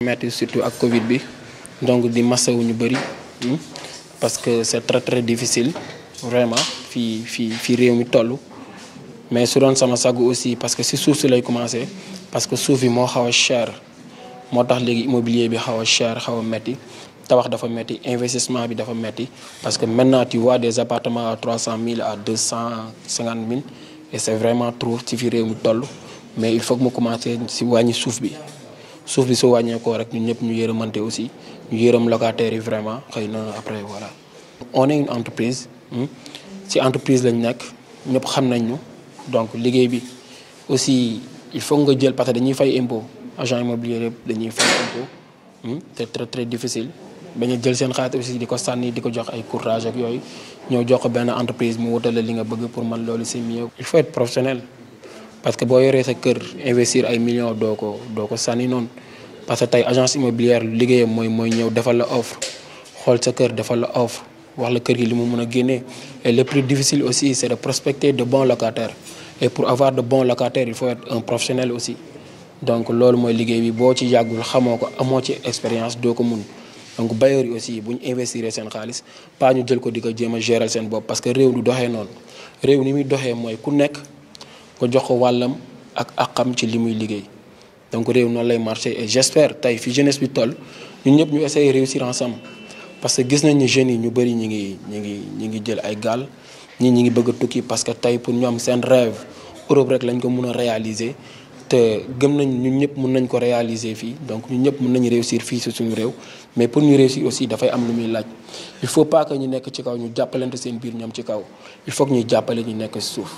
metti surtout ak Covid bi donc di wu ñu bëri hmm, parce que c'est très très difficile vraiment fii fii fii réew mi toll mais su doon sama sagu aussi parce que si suuf si lay commencé parce que suuf yi moo xaw a cher moo tax léegi immobilier bi xaw a cher xaw a metti tabax dafa metti investissement bi dafa metti parce que maintenant tu waa des appartements trois cent mille à deux cent cinquante mille et c'est vraiment trop ci fi réew mi toll mais il faut que mu commencé si wàññi suuf bi suuf bi su wàññeekoo rek ñun ñëpp ñu yërëmante aussi ñu yërëm locataires yi vraiment xëy na après voilà. on est une entreprise hmm? ci entreprise lañ nekk ñëpp xam nañ ñu donc liggéey bi aussi il faut nga jël parce que dañuy fay impôt agent immobilier yëpp dañuy fay impôt hmm? c'est très très difficile. bañ a jël seen xaalis aussi di ko sànni di ko jox ay courtage ak yooyu ñëw jox ko benn entreprise mu wutal la li nga bëgg pour man loolu c'est mieux. il faut être professionnel parce que boo yoree sa kër investir ay millions doo ko doo ko sànni noonu parce que tey agence immobilière liggéeyam mooy mooy ñëw defal la offre xool sa kër defal la offre wax la kër gi li mu mun a génnee et le plus difficile aussi c'est de prospecter de bons locataires et pour avoir de bons locataires il faut être aussi donc loolu mooy liggéey bi boo ci yàggul xamoo ko amoo ci expérience doo ko mun. donc bailleurs yi aussi bu ñu investir seen xaalis pas ñu jël ko di ko jéem a gérer seen bopp parce que réew du doxee noonu réew ni muy doxee mooy ku nekk ko jox ko wàllam ak xam ci li muy liggéey donc réew noonu lay marché et j'espère tey fi jeunesse bi toll ñun ñëpp ñu essayer réussir ensemble parce que gis nañ ni jeunes yi ñu bëri ñi ngi ñi ngi ñi ngi jël ay gaal ñii ñi ngi bëgg a tukki parce que tey pour ñu am seen rêve Europe rek lañ ko mun a réaliser te gëm nañ ñun ñëpp mun nañ ko réaliser fii donc ñun ñëpp mun nañu réussir fii si suñu réew mais pour ñu réussir aussi dafay am lu muy laaj il faut paaka que ñu nekk ci kaw ñu jàppalante seen biir ñoom ci kaw il faut ñuy jàppale ñu nekk ci suuf